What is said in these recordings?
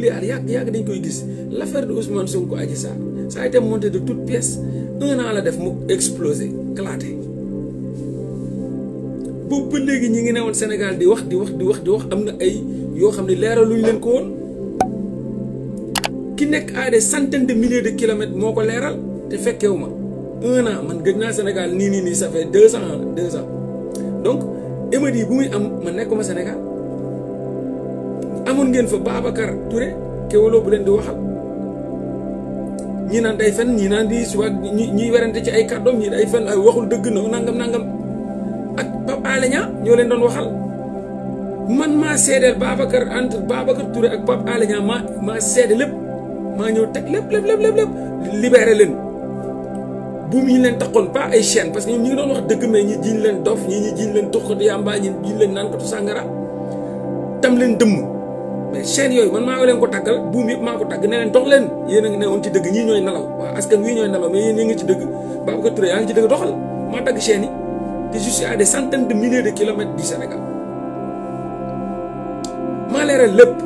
milliards yàgg yàgg dañ koy gis l' affaire de Ousmane Sonko Adji Sarr ça a été monté de toutes pièces un la def mu explosé éclaté boobu ba léegi ñi ngi newoon Sénégal di wax di wax di wax di wax am na ay yoo xam ne leeral leeraluñ leen ko woon ki nekk à des centaines de milliers de kilomètres moo ko leeral te fekkewu ma un an man gëj naa Sénégal nii nii nii ça fait deux ans deux ans donc émeutes yi bu muy am ma nekkuma Sénégal. ngeen fa Babacar Touré Kewoulo bu leen di waxal ñi naan day fen ñi naan di soit ñi ñiy werante ci ay kàddoom ñi day fen ay waxul dëgg na nangam nangam ak Pape Alé Niang ñoo leen doon waxal man maa seedeel Babacar entre Babacar Touré ak Pape Alé Niang maa maa seede lépp maa ñëw teg lépp lépp lépp lépp lépp leen buum yi ñu tax taxoon pas ay chaîne parce que ñoom ñu ngi doon wax dëgg mais ñi jiñ leen dof ñi ñi jiñ leen tuxkatu yàmba ñi jiñ leen naan katu sàngara tam leen dëmm mais chaîne yooyu man maa leen ko tàggal buum yëpp maa ko tàgg ne leen a ngi dëgg mais yéen a ngi ci dëgg Babacar Touré yaa ngi ci dëgg doxal maa tàgg chaîne yi te je suis à des centaines de milliers de kilomètres du Sénégal maa leeral lépp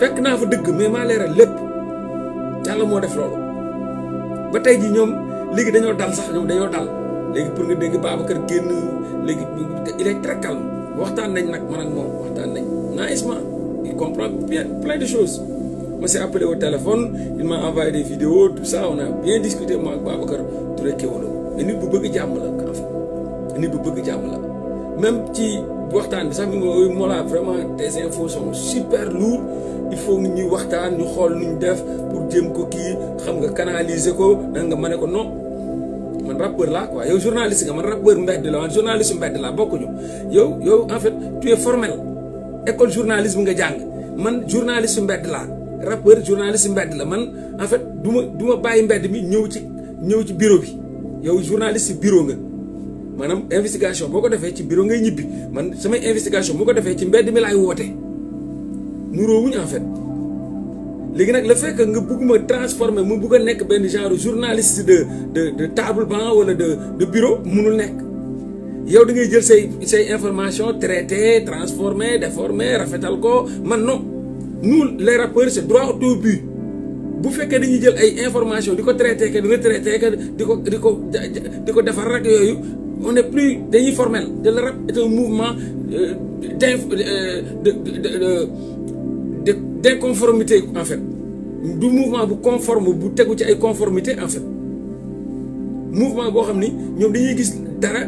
fekk naa fa dëgg mais maa leeral lépp yàlla moo def ba tey ji ñoom léegi dañoo dal sax ñoom dañoo dal léegi pour nga dégg Babacar génn léegi il est très calme waxtaan nañ nag man ak moom waxtaan nañ naïsement. Il comprend bien plein de choses. On s'est appelé au téléphone, il m'a envoyé des vidéo tout ça. On a bien discuté, moi, avec Babacar Touré Kewolo. Et nous, nous voulons jàmm la, en fait. Nous jàmm la. Même ci waxtaan bi sax mi ngi moo la vraiment des infos sont super lourdes. il faut que ñuy waxtaan ñu xool nuñ def pour jëm ko kii xam nga canaliser ko da nga mën a ko non man rappeur laa quoi yow journaliste nga man rappeur mbedd la man journaliste mbedd laa bokkuñu yow yow en fait tu es formel. école journalisme nga jàng man journaliste mbedd laa rappeur journaliste mbedd la man en fait du ma du ma bàyyi mbedd mi ñëw ci ñëw ci bureau bi yow journaliste bureau nga maanaam investigation boo ko defee ci bureau ngay ñibbi man samay investigation boo ko defee ci mbedd mi laay woote nuroowuñu en fait léegi nag la fait nga bëgg ma transformer mu bëgg a nekk benn genre journaliste de de de table banc wala de de bureau munul nekk. yow da ngay jël say say information traité transformé déformé rafetal ko man non nous les rappeurs c'est droit au but bu fekkee dañuy jël ay information di ko traité que di retraité que di ko di ko di ko defar rek yooyu on est plus dañuy formel de le rap est un mouvement euh, d'inf euh, de de d'inconformité en fait du mouvement bu conforme bu tegu ci ay conformité en fait mouvement boo xam ni ñoom dañuy gis dara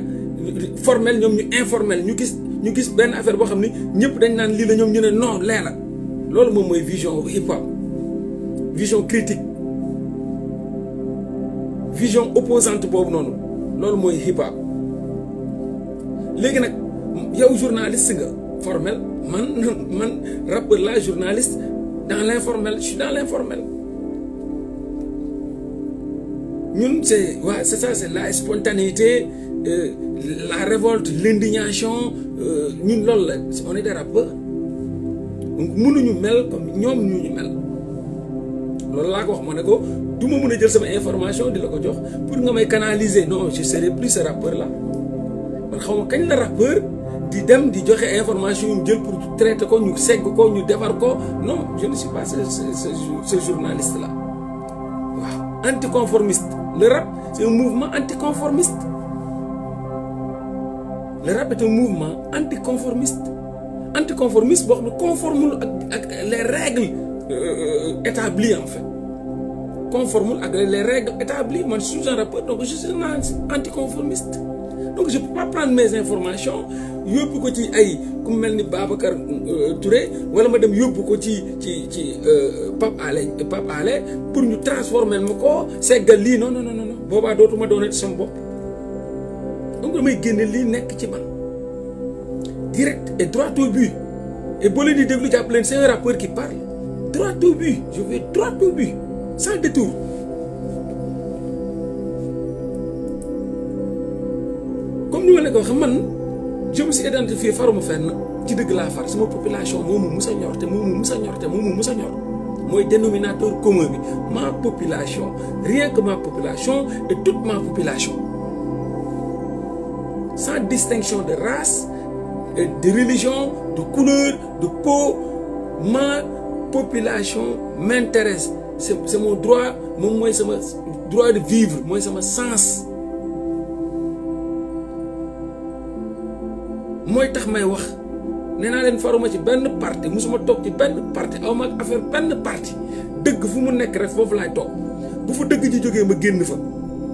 formel ñoom ñu informel ñu gis ñu gis benn affaire boo xam ni ñëpp dañ naan lii la ñoom ñu ne non lee loolu moom mooy vision hip hop vision critique vision opposante boobu noonu loolu mooy hip hop léegi nag yow journaliste nga formel man man rappeur la journaliste dans l'informel je suis dans l'informel ñun c'est waaw c'est ça c'est la spontanéité Euh, la révolte l'indignation euh, ñun loolu la on est des rappeurs donc mënuñu mel comme ñoom ñu ñu mel loolu laa ko wax ma ne ko du ma mën a jël sama information di la ko jox pour nga may canaliser non je serai plus ce rappeur là man xaw ma kañ la rappeur di dem di joxe information yu jël pour traiter ko ñu segg ko ñu defar ko non je ne suis pas ce ce ce journaliste là waaw anticonformiste le rap c'est un mouvement anticonformiste le rap est un mouvement anticonformiste anticonformiste boo xam ne conformul ak ak les règles euh, établies en fait conformul ak les règles établies man je suis un rappeur donc je suis un anticonformiste donc je pas prendre mes informations yóbbu ko ci ay ku mel ni Babacar euh, Touré wala ma dem yóbbu ko ci ci ci euh, Pape Alé Pape Alé pour ñu transformer ma ko seggal lii non non non non boobaa dootuma doonati sama donc damay génne lii nekk ci man direct et droit au but et boo leen di déglu jàpp leen c'est un rappeur qui parle droit au but je vais droit au but sans détour comme ni ma la ko waxee man je me suis identifié faruma fenn ci dëgg laa far sama population moomu musa ñor te moomu musa ñor te moomu musa ñor mooy dénominateur commun bi ma population rien que ma population et toute ma population sans distinction de race de religion de couleur de peau ma population m'intéresse c'est mon droit moom mooy sama droit de vivre mooy sama sens mooy tax may wax nee naa leen faruma ci benn parti musuma toog ci benn parti aw ma affaire benn parti dëgg fu mu nekk rek foofu laay toog bu fa dëgg ci jógee ma génn fa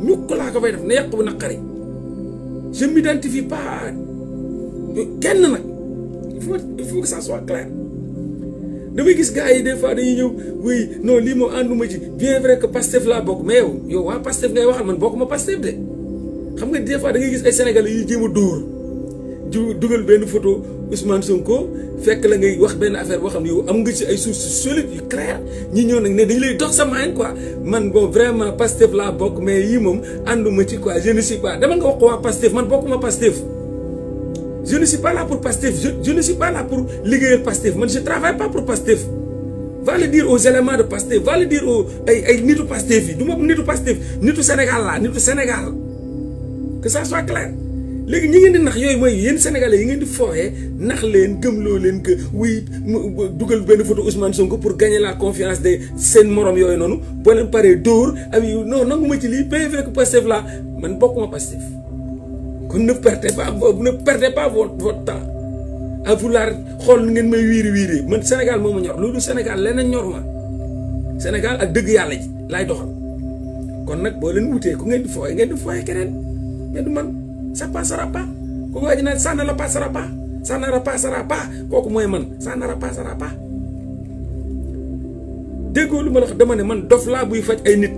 ñu ko laa ko fay def na yàq na naqari je ne m'identifie pas à kenn nag il faut il faut que ça soit clair damay gis gars yi des fois dañuy ñëw oui non lii moom ànduma ci bien vrai que Pastef laa bokk ma yow yow waa Pastef ngay waxal man bokkuma Pastef de xam nga des fois da ngay gis ay sénégal yuy jéem a dóor. du dugal benn photo Ousmane Sonko fekk la ngay wax benn affaire boo xam ne yow am nga ci ay sources solides yu claires ñi ñëw nag ne dañu lay dox sa main quoi man bon vraiment Pastef laa bokk mais yii moom ànduma ci quoi je ne suis pas dama nga wax ko waa Pastef man bokkuma Pastef je ne suis pas là pour Pastef je je ne suis pas là pour liggéeyal Pastef man je travaille pas pour Pastef. va le de Pastef va le dire ay ay nitu Pastef yi du ma nitu Pastef nitu Sénégal laa nitu Sénégal que léegi ñi ngeen di nax yooyu mooy yéen sénégalais yi ngeen di fooyee nax leen gëmloo leen que wuy dugal benn photo Ousmane Sonko pour gagner la confiance de seen morom yooyu noonu boo paree dóor ak yu non nangu ma ci lii bien vrai que Pastef la man bokkuma Pastef kon ne perdez pas ne perdez pas votre votre temps à vouloir xool ngeen may wiiri wiiri man Sénégal moom ma ñor loolu Sénégal leneen ñor ma Sénégal ak dëgg yàlla ji laay doxal kon nag boo leen wutee ku ngeen di fooyee ngeen di fooyee keneen ngeen di man ça passera pas ku waaj na ça ne la passera la passera pas kooku mooy man ça ne la passera pas déggoo lu ma wax dama ne man dof laa buy faj ay nit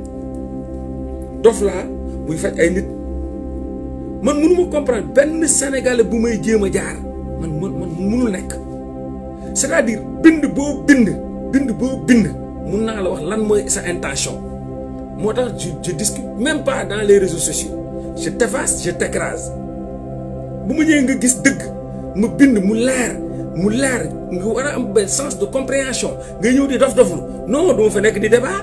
dof laa buy faj ay nit man mënu ma comprendre benn sénégalais bu may jéem a jaar man man man mënul nekk c'est-à-dire bind boo bind bind boo bind mun naa la wax lan mooy sa intention moo tax je discute même pas dans les réseaux sociaux je t'efface je t'écrase bu ma ñëwee nga gis dëgg ma bind mu leer mu leer nga war a am benn sens de compréhension nga ñëw di dof doflu non duma fa nekk di débat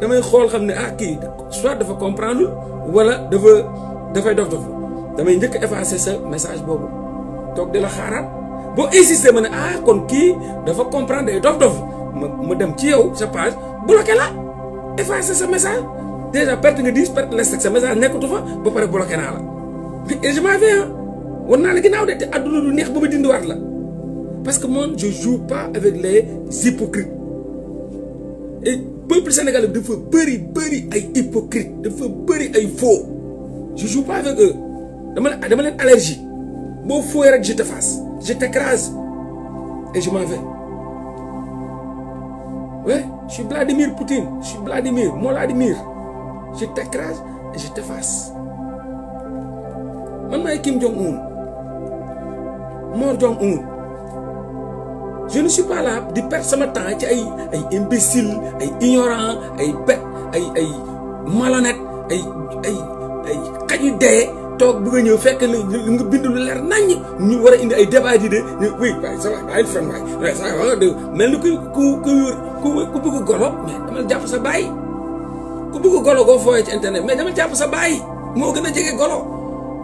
damay xool xam ne ah kii soit dafa comprendre wala dafa dafay dof doflu damay njëkk effacer sa message boobu toog di la xaaraat boo insister ma ne ah kon kii dafa comprendre day dof dof ma ma dem ci yow sa page bloqué la effacer sa message déjà perte nga 10 perte nga 7 sa message nekkatu fa ba pare bloqué naa la et je m'en vais ah war naa la ginnaaw de te àdduna du neex ba ma dindiwaat la parce que man je joue pas avec les hypocrites et peuple sénégalais bi dafa bëri bëri ay hypocrite dafa bëri ay foo je joue pas avec eux dama leen dama leen allergie boo fooy rek je t'efface je t'écrase et je m'en vais ouais je suis Poutine je suis Moladimir je t'écrase et je t'efface man maay Kim Jong-un Mor Jong-un je ne suis di perdre sama temps ci ay ay imbécile ay ignorant ay bête ay ay malhonnête ay ay ay xaju dee toog bëgg a ñëw fekk na nga bind lu leer nañ ñu war a indi ay débat yi de oui waaye ça va bàyyi fan waay waaye ça va mel ni ku ku ku ku bëgg golo mais dama jàpp sa baay bëgg golo goo fooyee ci internet mais dama jàpp sa baay moo gën a jege golo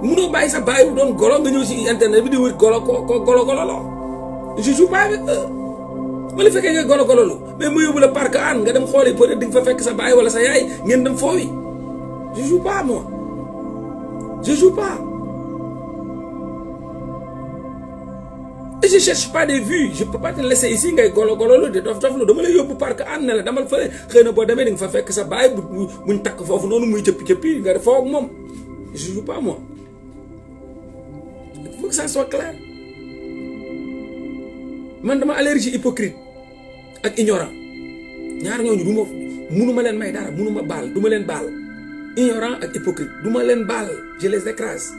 munoo bàyyi sa baay bu doon golo nga ñëw si internet bi di wër golo ko ko golo golo la je joue pas avec eux wala fekkee nga golo golo lu mais mu yóbbu la parc an nga dem xooli peut être di nga fa fekk sa baay wala sa yaay ngeen dem foowi je joue pas je ne cherche pas des vues je peux pas te laisser ici ngay golo gololu di dof doflu dama lay yóbbu parc ànd na la damal fële xëy na boo demee di nga fa fekk sa baay bu buñ takk foofu noonu muy cëppi cëppi nga def foo ak moom je joue pas moi il faut que ça soit man dama allergie hypocrite ak ignorant ñaar ñooñu du ma munu leen may dara munu baal du ma leen baal ignorant ak hypocrite duma leen baal je les écrase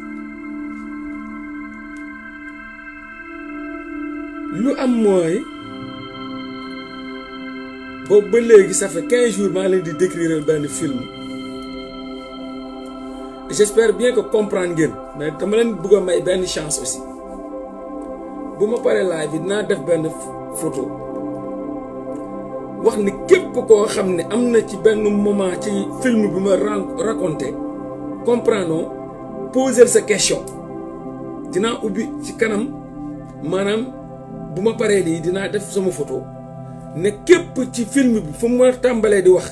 lu am mooy boobu ba léegi ça fait quinze jours maa leen di décrire benn film j'espère bien que comprendre ngeen mais dama leen bëgg may benn chance aussi bu ma paree live bi dinaa def benn photo wax ni képp koo xam ne am na ci benn moment ci film bi ma raconté comprendre poser sa question dinaa ubbi ci kanam maanaam. bu ma paree lii dinaa def sama photo ne képp ci film bi fu ma tàmbalee di wax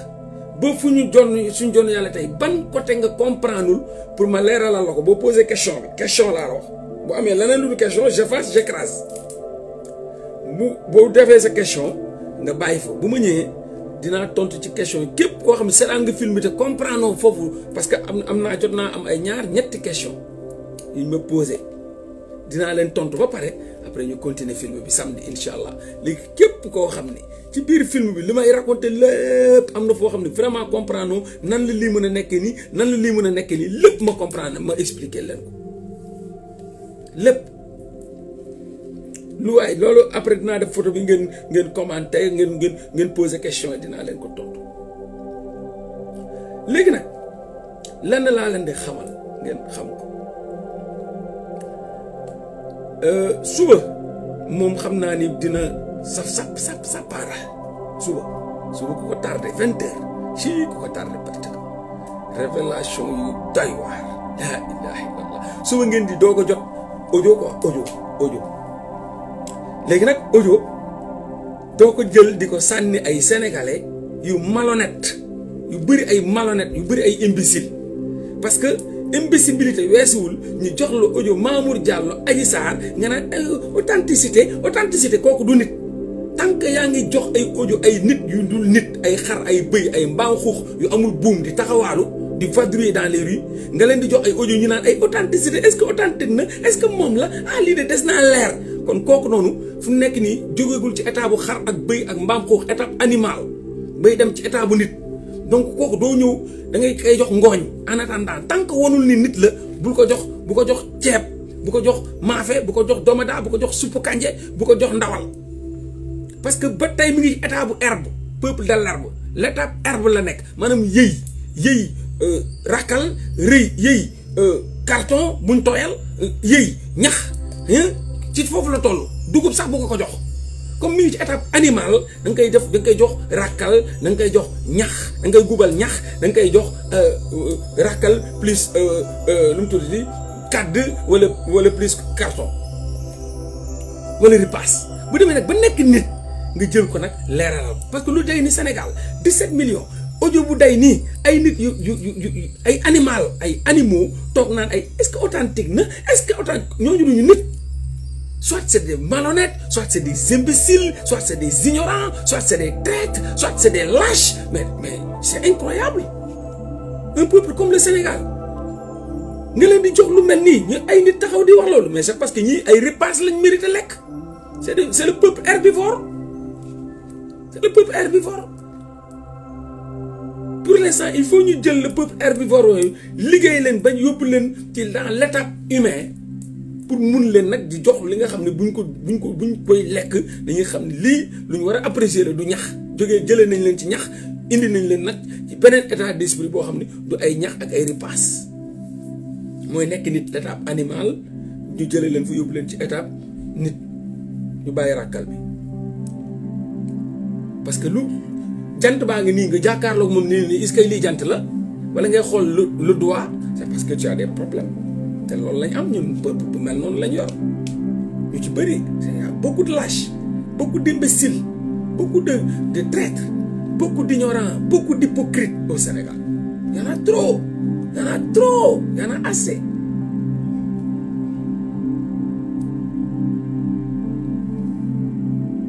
ba fu ñu jon suñ jon yàlla tey ban côté nga comprendreul pour ma leeralal la ko boo posé question question laa la wax bu amee leneen lu dul question j'efface j'écrase bu boo defee sa question nga bàyyi fa bu ma ñëwee dinaa tontu ci question képp koo xam ne seetaan nga film bi te comprendre foofu parce que am am naa jot naa am ay ñaar ñetti question yu ñu ma posé dinaa leen tontu ba pare après ñu continuer film bi samedi incha allah léegi képp koo xam ne ci biir film bi li may raconté lépp am na foo xam ne vraiment comprendre nan la lii mën a nekkee nii nan la lii mën a nekkee lépp ma comprendre ma expliquer leen ko lépp. lu waay loolu après dinaa def photo bi ngeen ngeen commenté ngeen ngeen ngeen posé question yi dinaa leen ko tontu léegi nag lenn laa leen di xamal ngeen xam Euh, suba moom xam naa ni dina saf sap sap sapaara suba suba ku ko tardé vingt heures ci ku ko tardé peut révélation yu doy laa ilaha illallah suba ngeen di doo ko jot audio ojo audio léegi nag ojo doo ko jël di ko sànni ay sénégalais yu malonet yu bëri ay malhonnête yu bëri ay imbécile parce imbécibilité weesuwul ñu jox la audio Mamour Diallo Adji Sarr nga naan euh, authenticité authenticité kooku du nit tant que yaa ngi jox ay audio ay nit yu dul nit ay xar ay bëy ay mbaaw xuux yu amul buum di taxawaalu di vadrouiller dans les rues nga leen di jox ay audio ñu naan ay authenticité est-ce que authentique na est-ce que moom la ah lii de des naa leer kon kooku noonu fu nekk nii jógeegul ci état bu xar ak bëy ak mbaam xuux état animal bay dem ci état bu nit donc kooku doo ñëw da ngay koy jox ngooñ en attendant tant que wanul ni nit la bul ko jox bu ko jox ceeb bu ko jox maafe bu ko jox domada bu ko jox suppu kànje bu ko jox ndawal parce que ba tey mi ngi état bu herbe peuple de l'herbe l'état herbe la nekk maanaam yëy yëy euh, rakkal rëy yëy euh, carton buñ tooyal yëy ñax ci foofu la toll dugub sax bu ko ko jox comme mi ngi ci étape animal danga nga koy def da nga koy jox ràkkal da nga koy jox ñax da nga koy gubal ñax da nga koy jox euh, euh, ràkkal plus lu euh, mu tuddati kàdd wala wala plus carton wala ripaas bu demee nag ba nekk nit nga jël ko nag leeralal parce que lu day ni Sénégal 17 million audio bu day nii ay nit yu yu yu ay animal ay animaux toog naan ay est que authentique na est-ce que authentique ñooñu duñu nit Soit c'est des malhonnêtes, soit c'est des imbéciles, soit c'est des ignorants, soit c'est des traîtres, soit c'est des lâches. Mais, mais c'est incroyable. Un peuple comme le Sénégal. nga leen di jox lu mel nii ñu ay nit taxaw di wax loolu mais c'est parce que ñii ay repas lañ mérité lekk c'est de c'est le peuple herbivore c'est le peuple herbivore pour l'instant il faut ñu jël le peuple herbivore yooyu liggéey leen bañ yóbbu leen ci dans l'étape humaine pour mun leen nag di jox li nga xam ne buñ ko buñ ko buñ koy lekk dañuy xam ne lii lu ñu war a apprécier la du ñax jógee jëlee nañ leen ci ñax indi nañ leen nag ci beneen état d'esprit boo xam ne du ay ñax ak ay ripaas mooy nekk nit étape animal ñu jëlee leen fa yóbbu leen ci étape nit ñu bàyyi ràkkal bi parce que lu jant baa ngi nii nga jàkkaarloog moom nii nii est-ce que lii jant la wala ngay xool le doigt c'est parce que tu as des problèmes te loolu lañ am ñun peuple bu mel noonu lañ yor ñu ci bëri beaucoup de lâches beaucoup d'imbéciles beaucoup de de traîtres beaucoup d'ignorants beaucoup d'hypocrites au Sénégal y en a trop y en a trop y en a assez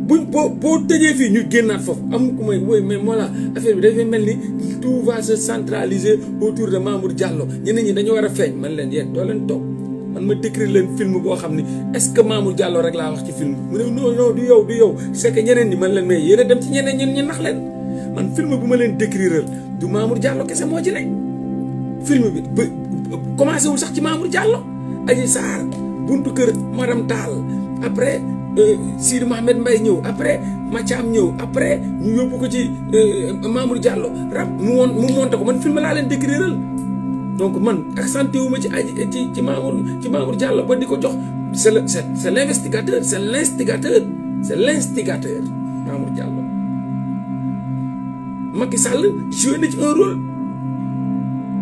buñ boo boo tëjee fii ñu génnaat foofu am ku may wooy mais moo la affaire bi dafay mel ni tout va se centraliser autour de Mamour Diallo ñeneen ñi dañu war a feeñ man leen yéen doo leen toog man ma décrire leen film boo xam ni est-ce que Mamour Diallo rek laa wax ci film mu ne non non du yow du yow c'est que ñeneen ñi man leen mais yéen a dem ci ñeneen ñen ñu nax leen man film bu ma leen décrire du Mamour Diallo kese moo ci nekk film bi ba commencé wul sax ci Mamour Diallo Adji Sarr buntu kër Madame Tall après Euh, Sidi Mohamed mbay ñëw après Mathiam ñëw après mu yóbbu ko ci euh, Mamour Diallo rap mu woon mu monté ko man film laa leen décriral donc man accenté wu ma ci ci ci Mamour ci Mamour Diallo ba di ko jox c'est le c'est l'investigateur c'est l'instigateur c'est l'instigateur Mamour Diallo Macky Sall joué na ci un rôle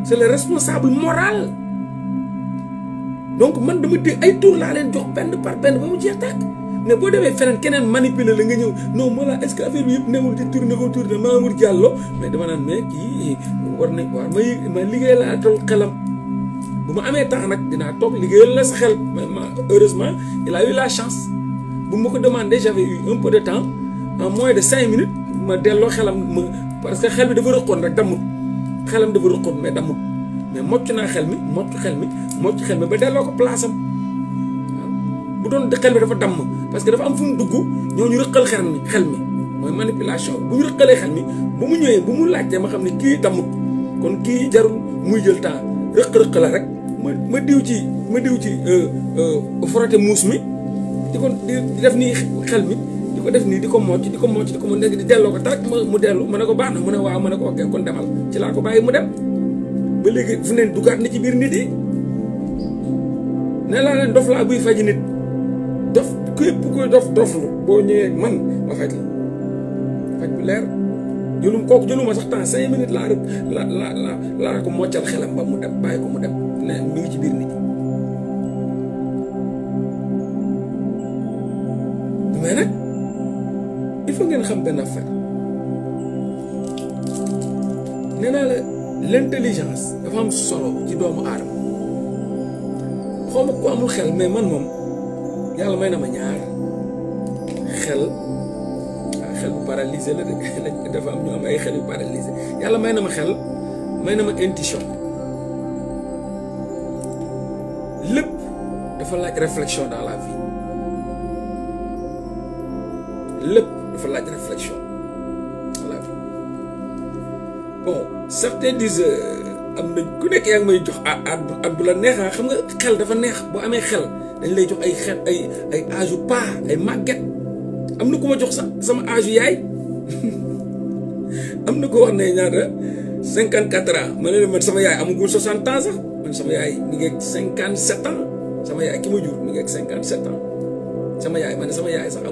c'est le responsable moral donc man dama dégg ay tour laa leen jox pen par benn ba mu jeex tàkk ne boo demee feneen keneen manipuler la nga ñëw non voilà est-ce que affaire bi yëpp newul di tourner autour de Mamour Diallo mais dama naan mais kii war nañ ma yëg ma liggéey laa tol xelam bu ma sa xel ma heureusement il a la chance bu ma ko demande j'avais eu un peu de temps en moins de cinq minutes ma delloo xelam ma parce que xel bi dafa rëqoon rek dammut xelam dafa rëqoon mais dammut mais mocc naa xel mi mocc xel mi mocc xel mi ba delloo ko place am bu doon xel mi dafa damm parce que dafa am fu mu dugg ñoo ñu rëqal xel mi xel mi mooy manipulation bu ñu rëqalee xel mi bu mu ñëwee bu mu laajtee ma xam ne kii dammut kon kii jarul muy jël temps rëq-rëq la rek ma ma diw ci ma diw ci euh, euh, frotté muus mi di ko di def nii xel mi di ko def nii di ko mocc di ko mocc di ko mocc di delloo ko tarak mu dellu ma ne ko baax na mu ne waaw ma ne ko ok kon demal ci laa ko bàyyi mu dem ba léegi fu neen dugaat na ci biir nit yi ne laa leen dof laa buy def képp kuy dof doflu boo ñëwee man ma faj la faj bu leer jëlum kooku jëluma sax temps cinq minutes laa rek la la la ko moccal xelam ba mu dem bàyyi ko mu dem ne naa la l'intelligence dafa am solo ci doomu aadama xaw ma amul xel mais man moom yàlla may na ma ñaar xel waaw xel bu paralysé la de dafa am ñu am xel yu paralysé yàlla may na ma xel may na ma intuition lépp dafa laaj réflexion dans la vie lépp dafa laaj réflexion dans la vie bon euh, am nañ ku nekk yaa ngi may jox at at bu la neex ah, xam nga xel dafa neex boo amee xel. dañ lay jox ay xet ay ay âge ay màgget am na ku ma jox sax sama âge yaay am na koo wax ne ñaata cinquante quatre ans ma ne la man sama yaay amagul soixante cinquante sept ans sama yaay ki cinquante sept sama yaay ma ne sama yaay sax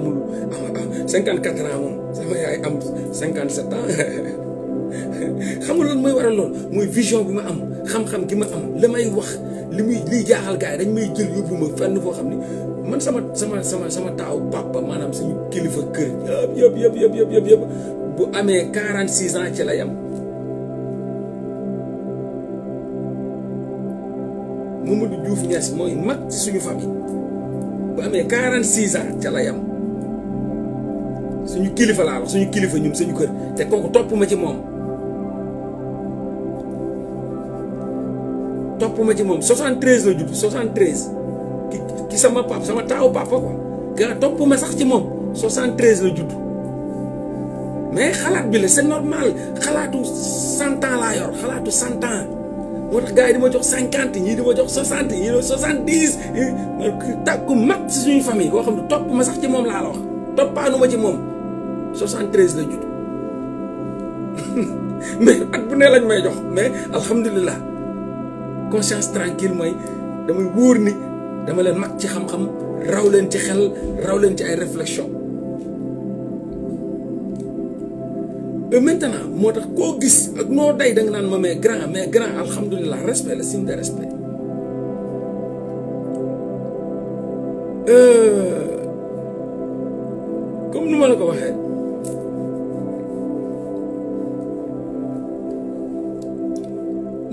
cinquante quatre sama am cinquante sept ans xam nga loolu mooy waral loolu mooy vision bi ma am xam-xam gi ma am la may wax li muy liy jaaxal gars yi dañ may jël yóbbu ma fenn koo xam ni man sama sama sama sama taaw papa maanaam suñu kilifa kër yëpp yëpp yëpp yëpp yëpp yëpp bu amee 46 ans ci la yam Mamadou Diouf Niass mooy suñu famille bu amee 46 ans ca la yam suñu kilifa laa wax suñu kilifa ñun suñu kër te kooku topp ma ci moom. topp ma ci moom 73 la jub 73 ki ki sama papa sama taawu papa quoi gaa topp ma sax ci moom 73 la judd mais xalaat bi la c'est normal xalaatu 100 ans laa yor xalaatu 100 ans moo jox 50 ñii di ma jox 60 ñii di ma 70 tàkku suñu famille xam ne topp ma ci moom laa la wax toppaanu ma ci moom 73 la judd mais at bu ne lañ may jox mais alhamdulilah. conscience tranquille mooy damay wóor ni dama leen mag ci xam-xam raw leen ci xel raw leen ci ay réflexion et maintenant moo tax koo gis ak noo day da naan ma mais grand mais grand alhamdulilah respect la signe respect euh, comme nu ma la ko waxee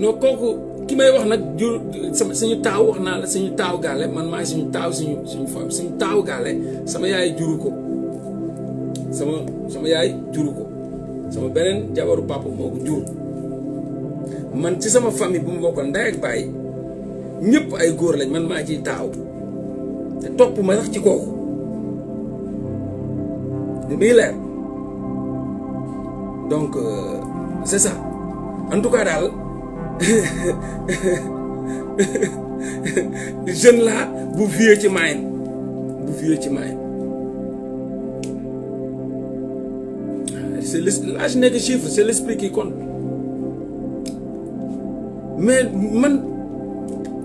non kooku ki may wax nag jur sama suñu taaw wax naa la suñu taaw gaale man maay suñu taaw suñu suñu fa suñu taaw gaale sama yaay juru ko sama sama yaay juru ko sama beneen jabaru papa moo ko jur man ci sama famille bu mu bokkoon ndey ak baay ñëpp ay góor lañ man maa ci taaw te topp ma sax ci kooku li muy leer donc euh, c'est ça en tout cas daal. jeune la bu vieux ci maayen bu vieux ci maayen ah, c'est l'âge n'est que chiffre c'est l'esprit qui mais man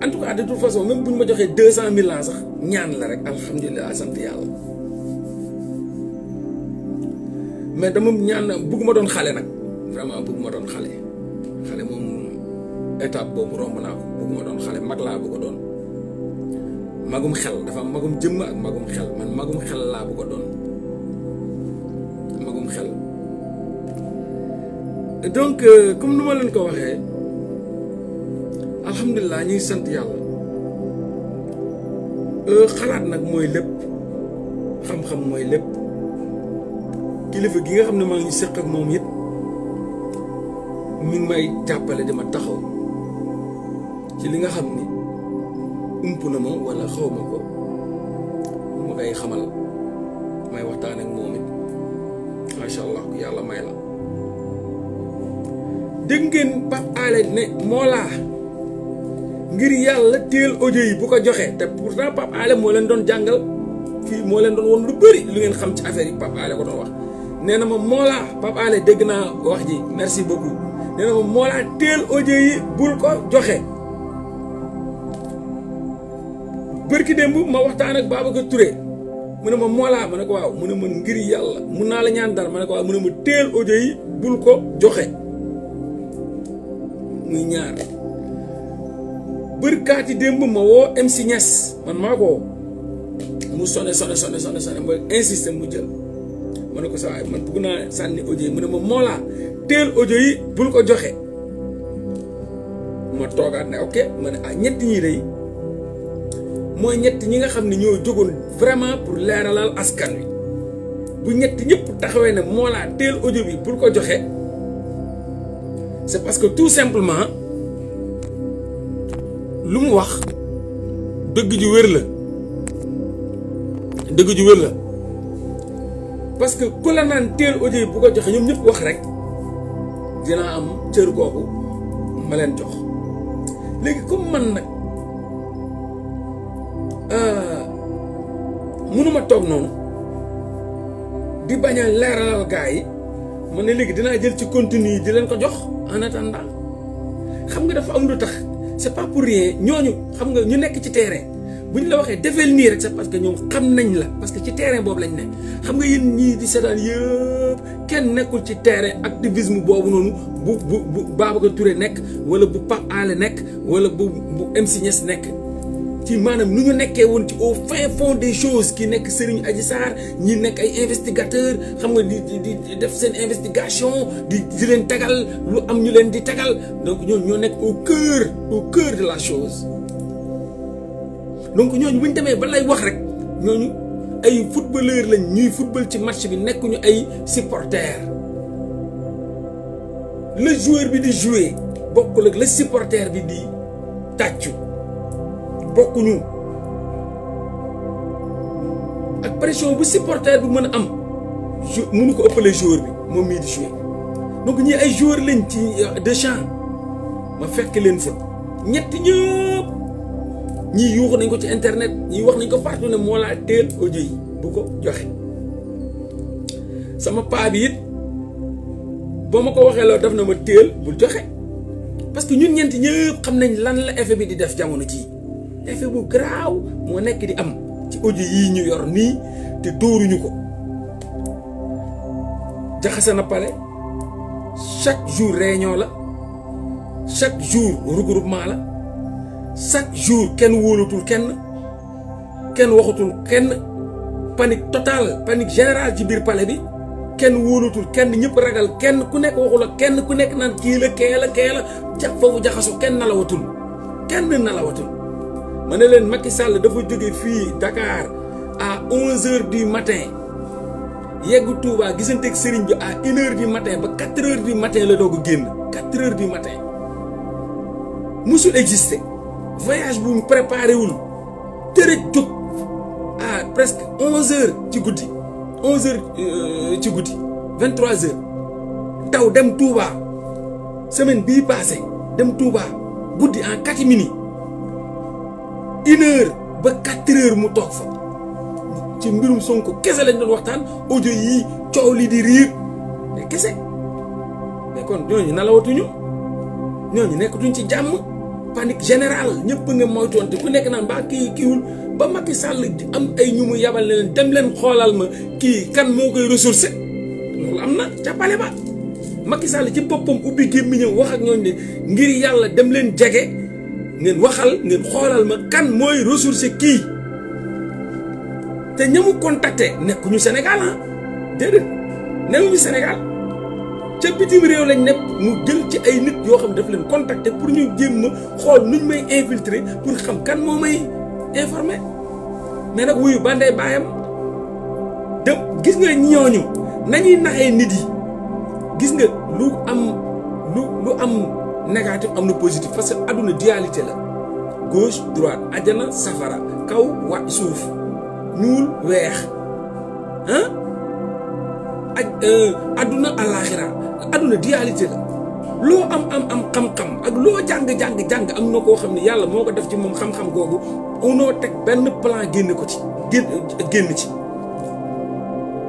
en de toute façon même bu ñu ma joxee deux cent mille ans sax ñaan la rek alhamdulilah sant yàlla mais dama ñaan bëgg ma doon xale nag vraiment bëgg ma doon xale étape boobu romb naa ko bëgguma doon xale mag laa bëgg a doon magum xel dafa magum jëmm ak magum xel man magum xel laa bëgg a doon magum xel donc euh, comme nu ma leen ko waxee alhamdulilah ñuy sant yàlla euh, xalaat nag mooy lépp xam-xam mooy lépp kilifa gi nga xam ne maa ngi seq ak moom it mu ngi may jàppale dama taxaw li nga xam ni ump na ma wala xaw ma ko mu koy xamal may waxtaan ak moom it macha allah ku yàlla may la dégg ngeen Pape ne moo laa ngir yàlla téel audio yi bu ko joxee te pourtant Pape Alé moo leen doon jàngal fii moo leen doon woon lu bëri lu ngeen xam ci affaire yi Pape Alé ko doon wax nee ma moolaa Pape Alé dégg naa wax ji merci beaucoup nee na ma moolaa téel audio yi bul ko joxe bërki démb ma waxtaan ak Babacar ma moolaa ko waaw mu ne ma ngir yàlla mun naa la ñaan dara ma ne ko waaw mu ne ma teel audio yi ko joxe muy ñaar man maa mu sone sone sone sone ne ko sa waay man bëgg naa ma moolaa teel audio yi bul ko joxe ma toogaat ne ok ma ne ah, ñetti ñi day mooy ñett ñi nga xam ne ñoo jógoon vraiment pour leeralal askan wi bu ñett ñëpp taxawee ne moo laa teel audio bi pour ko joxe c'est parce que tout simplement lu mu wax dëgg wér la dëgg ju wér la parce que ku la naan teel audio yi bu ko joxe ñoom ñëpp wax rek dinaa am cër kooku ma leen jox léegi comme man nag. Euh, mënuma toog noonu di bañ a leeralal gars yi ma ne léegi dinaa jël ci continue yi di leen ko jox en attendant xam nga dafa am lu tax c'est pas pour rien ñooñu xam nga ñu nekk ci terrain bu ñu la waxee defeel nii rek c'est parce que ñoom xam nañ la parce que ci terrain boobu lañ ne xam nga yéen ñii di seetaan yëpp kenn nekkul ci terrain activisme boobu noonu bu bu bu Babacar Touré nekk wala bu Pape Alé nekk wala bu bu MC Niass nekk. ci maanaam nu ñu nekkee woon ci au fin fond des choses ki nekk Serigne Adji Sarr ñi nekk ay investigateur xam nga di di def seen investigation di di leen tagal lu am ñu leen di tagal donc ñooñu ñoo nekk au cœur au cœur donc ñooñu bu ñu demee ba lay wax rek ñooñu ay footballeur lañ ñuy football ci match bi nekkuñu ay supporters le joueur bi di jouer bokkul ak la supporter bi di tàccu. bokkuñu ak pression bu supporter bu mën a am jou mënu ko ëppale joueur bi moom mii di joué donc ñii ay joueur lañ ci euh, de champ ma fekk leen fa ñetti ñëpp ñii yuuxu nañ ko ci internet ñii wax nañ ko partout ne moo laa teel audio yi bu ko joxe sama paa bi it boo ma ko waxee la daf na ma teel bul joxe parce que ñun ñeenti ñëpp xam nañ lan la effet bi di def jamono ci effet bu garaaw moo nekk di am ci audio yii ñu yor nii te dóoruñu ko jaxase na pale chaque jour réunion la chaque jour regroupement la chaque jour kenn wóolatul kenn kenn waxatul kenn panique totale panique générale ci biir pale bi kenn wóolatul kenn ñëpp ragal kenn ku nekk waxul kenn ku nekk naan kii la kee la kee la ja foofu jaxasoo kenn nalawatul kenn nalawatul ma ne leen Macky Sall dafa jóge fii Dakar à 11h du matin yeggu Touba gisanteeg sëriñ bi à 1h du matin ba 4h du matin la doo a génn 4h du matin musul exister voyage bu mu préparé wul tërëj jóg presque 11h ci guddi 11h euh, ci guddi 23h taw dem Touba semaine bii passé dem Touba guddi en catimini une heure ba quatre mu toog fa ci mbirum sonk kese lañ doon waxtaan audio yi coow li di riir mais kese mais kon ñooñu nalawatuñu ñooñu nekkatuñ ci jàmm panique générale ñëpp nga moytoon te ku nekk naan ba kii kiiwul ba Macky Sall am ay ñu mu yabal ne leen dem leen xoolal ma kii kan moo koy ressourcé loolu am na jàppale ba Macky sàll ci boppam ubbi gémmiñam wax ak ñooñ ne ngir yàlla dem leen jege. ngeen waxal ngeen xoolal ma kan mooy ressource kii te ñamu contacté nekkuñu Sénégal ah déedéet newuñu Sénégal ca bitim réew lañ nekk mu jël ci ay nit yoo xam ne daf leen contacté pour ñu jéem ma xool nuñ may infiltrer pour kan moo may informé mais nag wuyu bandey baayam dem gis nga ñooñu nañuy naxee nit yi gis nga lu am lu lu am négatif am na positif parce que adduna dualité la gauche droite ajana safara kaw wa suuf ñuul weex ah euh, ak adduna àllaaxira adduna dualité la loo am am am xam-xam ak loo jàng-jàng-jàng am na koo xam ne yàlla moo ko def ci moom xam-xam googu unoo teg benn plan génne ko ci génn génn ci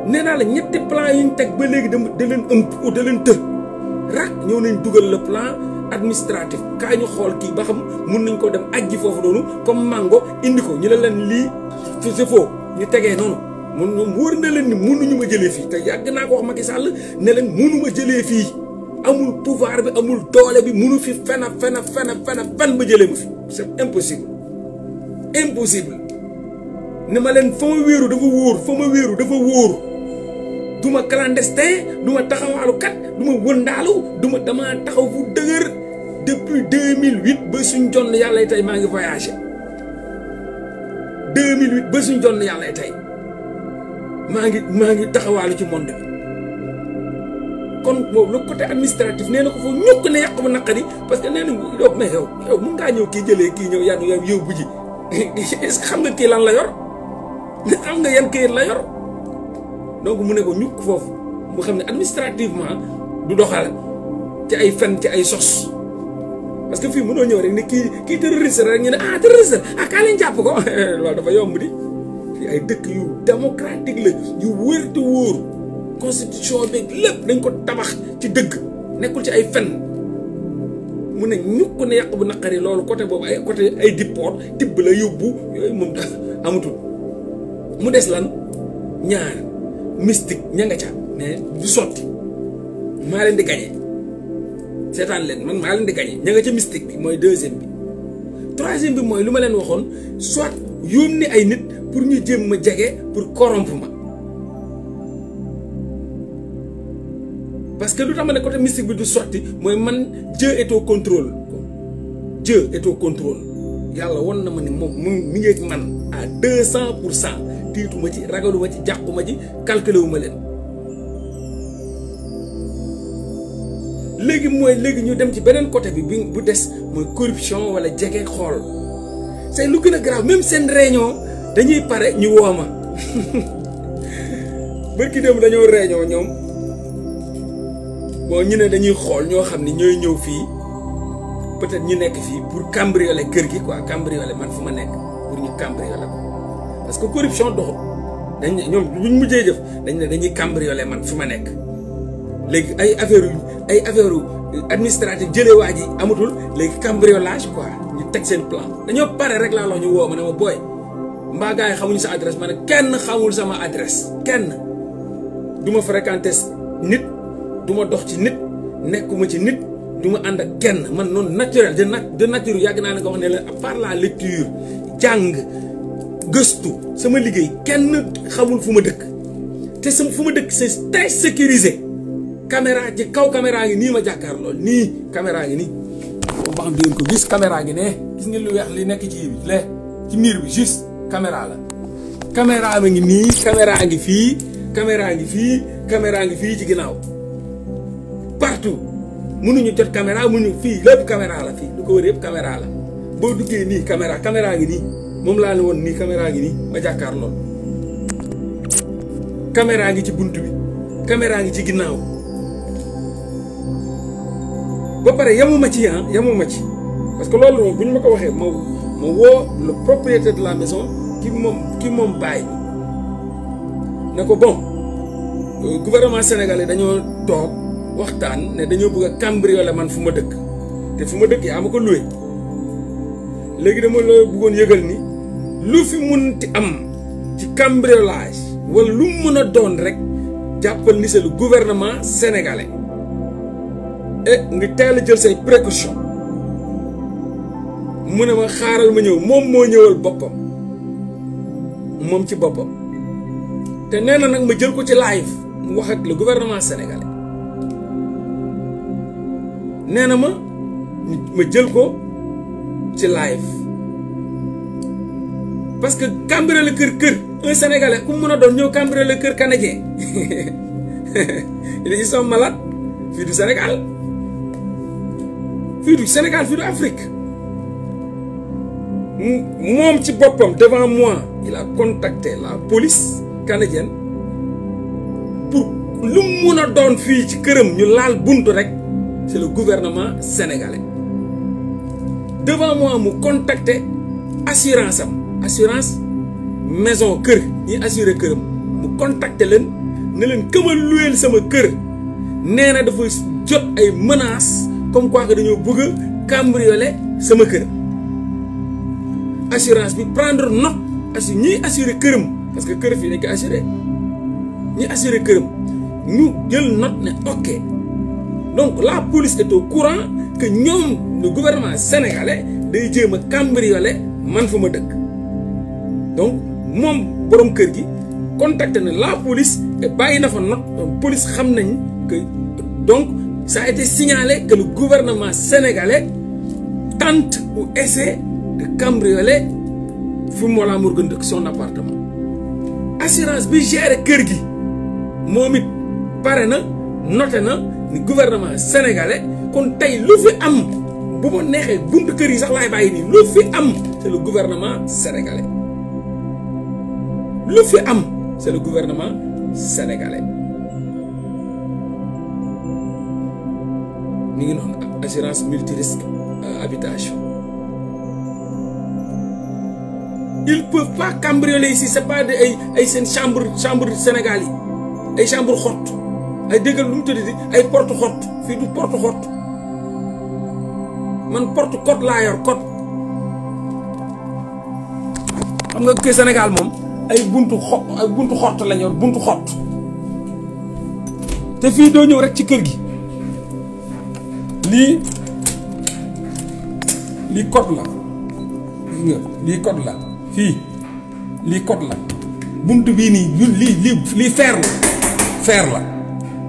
nee naa la ñetti plan yi ñu teg ba léegi da da ëmp da tër rak ñëw nañ dugal le plan administratif kaa ñu xool kii ba xam mun nañ ko dem ajji foofu noonu comme mango indi ko ñu ne leen lii c'est faux ñu tegee noonu mun ñoom wóor na leen ni munuñu ma jëlee fii te yàgg naa ko wax Macky sàll ne leen munu ma jëlee fii amul pouvoir bi amul doole bi munu fi fena fena fen a fen ba jëlee ma fi c'est impossible impossible ni ma leen fa ma wéeru dafa wóor fa ma wéeru dafa wóor du ma clandestin du ma taxawaalukat du ma wëndaalu du ma dama taxaw fu dëgër depuis 2008 ba suñ jonn yàlla tey maa ngi voyagé 2008 ba suñ jonn yàlla tey maa ngi maa ngi taxawaalu ci monde bi kon moom le côté administratif nee na ko foofu ñukk ne yàq bu naqari parce que nee na yow mais yow yow mun ngaa ñëw kii jëlee kii ñëw yaa yow yóbbu ji ce xam nga kii lan la yor xam nga yan kii la yor. donc mu ne ko ñukk foofu mu xam ne administrativement du doxal ci ay fen ci ay sos parce que fii mënoo ñëw rek ne kii kii terroriste rek ñu ne ah terroriste ah kaa jàpp ko loolu dafa yomb di fii ay dëkk yu démocratique la yu wér te wóor constitution bi lépp dañ ko tabax ci dëgg nekkul ci ay fen mu ne ñukk ne yàq bu naqari loolu côté boobu ay côté ay dippoot tibb la yóbbu yooyu moom amutul mu des lan ñaar mystique ña nga ca mais du sotti maa leen di gañe seetaan leen man maa leen di gañe ña ca mystique bi mooy deuxième bi troisième bi mooy lu ma leen waxoon soit yónni ay nit pour ñu jéem ma jege pour corrompre ma parce que lu tax ma ne côté mystique bi du sotti mooy man Dieu est au contrôle Dieu est yàlla won na ma ni moom mu ngi man à deux cent pour cent tiituma ci ragaluma ci jàquma ci calculé wu ma leen léegi mooy léegi ñu dem ci beneen côté bi bu des mooy corruption wala jege xool c'est lu gën a grave même seen réunion dañuy pare ñu woo ma bërki dem dañoo réunion ñoom bon ñu ne dañuy xool ñoo xam ni ñooy ñëw fii peut-être ñu nekk fii pour cambrioler kër gi quoi cambrioler man fu ma nekk pour ñu cambrioler ko parce que corruption doxul dañ ñoom buñ mujjee jëf dañ ne dañuy cambrioler man fi ma nekk léegi ay affaire ay affaire administrative jëlee waa ji amatul léegi cambriolage quoi ñu teg seen plan dañoo pare rek laa loo ñu woo ma ne ma booy mbaa yi xamuñu sa adresse ma ne kenn xamul sama adresse kenn du ma fréquenter nit du ma dox ci nit nekkuma ci nit du ma ànd ak kenn man noonu naturel de nat de nature yàgg naa ne nga wax ne la par la lecture jàng gëstu sama liggéey kenn xamul fu ma dëkk te sama fu ma dëkk c'est très sécurisé caméra ci kaw caméra ngi nii ma jàkkaar lool nii caméra ngi nii boobu gis caméra ngi ne gis ngeen lu weex li nekk ci bi le ci miir bi juste caméra ngi nii caméra ngi fii caméra ngi fii caméra ngi fii ci ginnaaw partout mënuñu jot caméra mënuñu fii lépp caméra la fii lu ko wër yëpp caméra la boo duggee nii caméra caméra ngi nii moom laa ne woon nii caméra ngi nii ma jàkkaar lool caméra ngi ci bunt bi caméra ngi ci ginnaaw ba pare yamuma ci ah yamuma ci parce que loolu moom bu ñu ma ko waxee ma woo le propriétaire de la maison ki moom ki moom bàyyi ne ko bon euh, gouvernement sénégalais dañoo toog waxtaan ne dañoo bëgg a cambrioler man fu ma dëkk te fu ma dëkk yaa ma ko loué. léegi dama la bëggoon yëgal ni lu fi munti am ci cambriolage wala lu mën a doon rek jàppal ni c'est le gouvernement sénégalais et eh, nga teel a jël say précaution mu ne ma xaaral ma ñëw moom moo ñëwal boppam moom ci boppam te nee na nag ma jël ko ci live mu wax ak le gouvernement sénégalais nee na ma ma jël ko. ci live parce que cambré la kër kër un sénégalais ku mun a doon ñëw cambré la kër canadien ils sont malades fii du fii du Sénégal fii du Afrique moom ci boppam devant moi il a contacté la police canadienne pour lu mun a doon fii ci këram ñu laal buntu rek c'est le gouvernement sénégalais. devant moi mu contacter assurance am assurance maison kër ñi assuré këram mu contacter leen ne leen këma luyeel sama kër nee na dafa jot ay menaces comme quoi que dañoo bëgg a cambrioler sama kër assurance bi prendre note assu ñiy assuré këram parce que kër fii dañ ko assuré ñi assuré këram ñu jël note ne ok. donc la police est au courant que ñoom le gouvernement sénégalais day jéem a cambrioler man fu ma dëkk donc moom borom kër gi contacté na la police et bàyyi na fa note police xam nañ que donc sa a été signalé que le gouvernement sénégalais tente ou essaie de cambrioler fu Mollah Morgun dëkk son assurance bi géré kër gi moom it pare na noté na ni gouvernement sénégalais kon tey lu fi am bu ma neexee buntu kër yi sax laay bàyyi nii lu fi am c'est le gouvernement sénégalais lu fi am c'est le gouvernement sénégalais ñu ngi noonu assurance multirisque euh, habitation ils peuvent pas cambrioler ici c'est pas de ay seen chambre chambre Sénégal yi ay chambre xott ay déggal lu mu tëddati ay port xot fii du porte xott man porte code laa yor code xam nga kër Sénégal moom ay buntu xott ay buntu xott lañ yor buntu xott te fii doo ñëw rek ci kër gi lii lii code la lii cot la fii lii code la bunt bii nii lii lii lii fer la fer la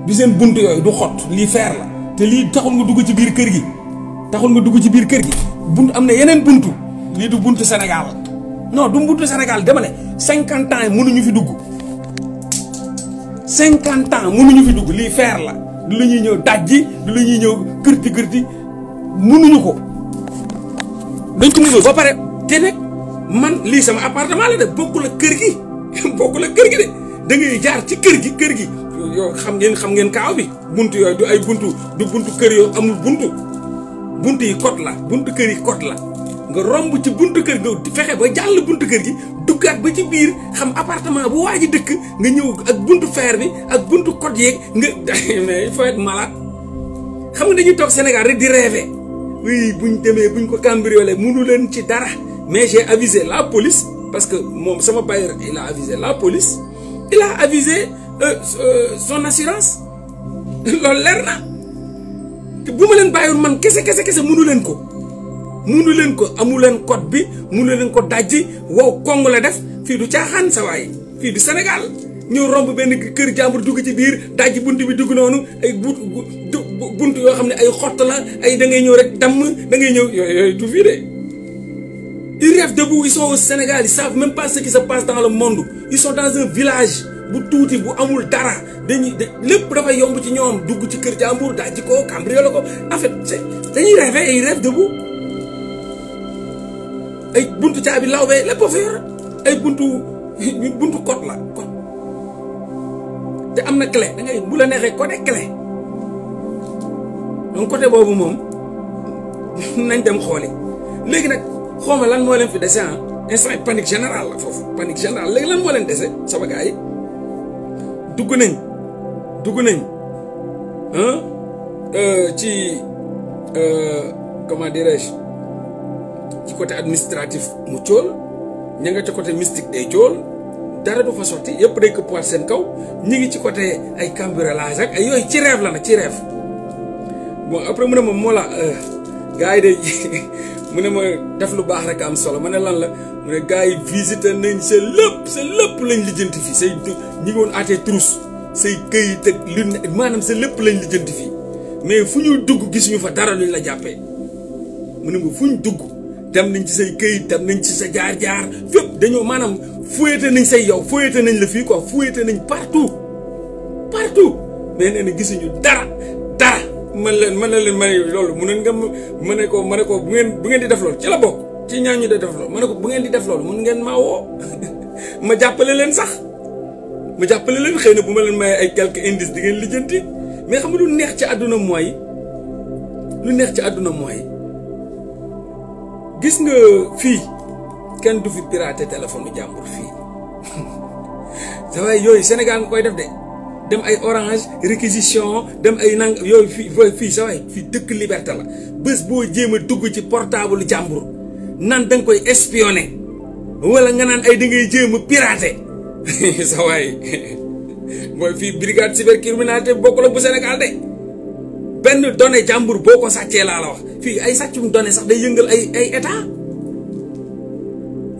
du seen bunt yooyu du xott lii feer la te lii taxul nga dugg ci biir kër gi taxul nga dugg ci biir kër gi bunt am na yeneen bunt lii du bunt Sénégal non du buntu Sénégal demale cinquante ans mënuñu fi dugg cinquante ans mënuñu fi dugg lii feer la du la ñëw dajji du la ñuy ñëw kërti kërti munuñu ko dañ ko mënul ba pare te nag man lii sama appartement la de bokku la kër gi bokku la kër gi de da jaar ci kër gi kër gi yow xam ngeen xam ngeen kaaw bi buntu yooyu du ay buntu du buntu kër yooyu amul buntu buntu yi kot la buntu kër yi kot la nga romb ci buntu kër nga fexe ba jàll bunt kër gi duggaat ba ci biir xam appartement bu waa ji dëkk nga ñëw ak buntu fer bi ak bunt kot yeeg nga mais il faut être malade xam nga dañuy toog Sénégal rek di rêver oui buñ demee buñ ko cambriolé munu leen ci dara mais j'ai avisé la police parce que moom sama bailleur il a aviser la police il a Euh, euh, son assurance loolu leer na te bu ma leen bàyyiwoon man kese kese kese munu leen ko munu leen ko amu leen code bi munu leen ko dajji wow kong la def fii du caaxaan sa waay fii du Sénégal ñëw romb benn kër jàmbur dugg ci biir dajji bunt bi dugg noonu ay bu bunt yoo xam ne ay xott la ay da ngay ñëw rek damm da ngay ñëw yooyu du fii de. Ils rêvent debout, ils sont au Sénégal, ils savent même pas ce qui le monde. Ils dans un village. bu tuuti bu amul dara dañuy lépp dafa yomb ci ñoom dugg ci kër jàmbur dajji ko cambriolé ko en fait dañuy rêvé ay rêve debout ay buntu caabi lawbe lépp fa yor ay buntu buntu code la code te am na clé da ngay bu la neexee code clé donc côté boobu moom nañ dem xooli léegi nag xawma lan moo leen fi dese ah instant panique générale la foofu panique générale léegi lan moo leen dese sama dugg nañ dugg nañ euh, ci euh, comment dirais ci côté administratif mu cool ña nga ca côté mystique day cool dara du yëpp day këppuwaat seen kaw ñi ngi ci côté a cambriolage yooyu ci rêve la na ci rêve bon après mu ne ma moo la euh, gars yi de mu ne ma def lu baax rek am solo ma ne lan la mu ne gars yi visité nañ sa lépp sa lépp lañ lijjanti fii say ñi ngi woon aatee trousse say këyit ak lu maanaam sa lépp lañ lijjanti fii mais fu ñu dugg gisuñu fa dara luñ la jàppee mu ne ma fu ñu dugg dem nañ ci say këyit dem nañ ci sa jaar-jaar fépp dañoo maanaam fuyete nañ say yow fuyete nañ la fii ko fuyete nañ partout partout mais nee na gisuñu dara. man leen man leen man ne loolu mun neen nga ma ne ko ma ne ko bu ngeen bu ngeen di def loolu ci la bokk ci ñaan ñu def loolu ma ne ko bu ngeen di def loolu mun ngeen maa woo ma jàppale leen sax ma jàppale leen xëy na bu ma leen may ay quelques indices di ngeen lijjanti mais xam nga neex ci àdduna mooy lu neex ci àdduna mooy gis nga fii kenn du fi pirater téléphone jàmbur fii sa waay yooyu Sénégal nga koy def de dem ay orange réquisition dem ay nang yooyu fii fii sa waay fii dëkk liberté la bés boo jéem a dugg ci portable jàmbur nan da koy espionné wala nga naan ay da ngay jéem a piraté sa waay mooy fii brigade cybercriminalité bokk la bu Sénégal de benn donné jàmbur boo ko sàccee laa la wax fii ay sàccum donné sax day yëngal ay ay état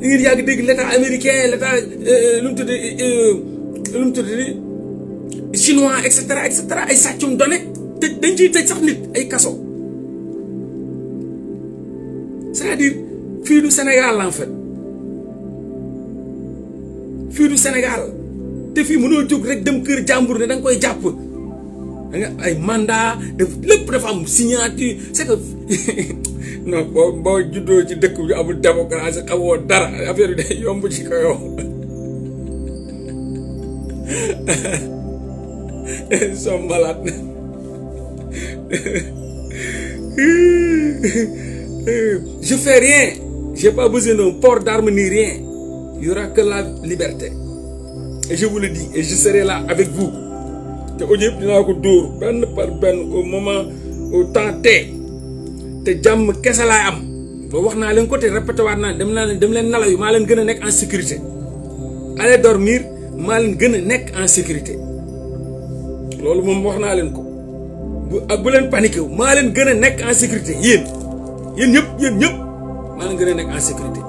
li ngeen yàgg dégg l' américain l' état euh, euh, lu mu tudd euh, lu mu tudd chinois et cetera et cetera ay sàccum donné tëj dañ ciy tëj sax nit ay kaso c'est-à-dire fii du Sénégal en fait fii du Sénégal te fii mënoo jóg rek dem kër jàmbur ne da koy jàpp da ay mandat def lépp dafa am signature c'est que non boo boo juddoo ci dëkk bi amul démocratie xamoo dara affaire bi day yomb ci ko yow nous sommes malades. Je fais rien. J'ai pas besoin d'un port d'armes ni rien. Il n'y aura la liberté. Et je vous le dis, avec vous. te audio yëpp dinaa ko dóor benn par benn au moment au temps te te jàmm kese laay am ba wax naa leen ko te répété waat naa dem naa leen dem leen nalaw yu maa leen gën a nekk en sécurité allez dormir maa leen gën a nekk en sécurité loolu moom wax naa leen ko bu ak bu leen paniqué wu maa leen gën a nekk en sécurité yéen yéen ñëpp yéen ñëpp maa leen gën a nekk en sécurité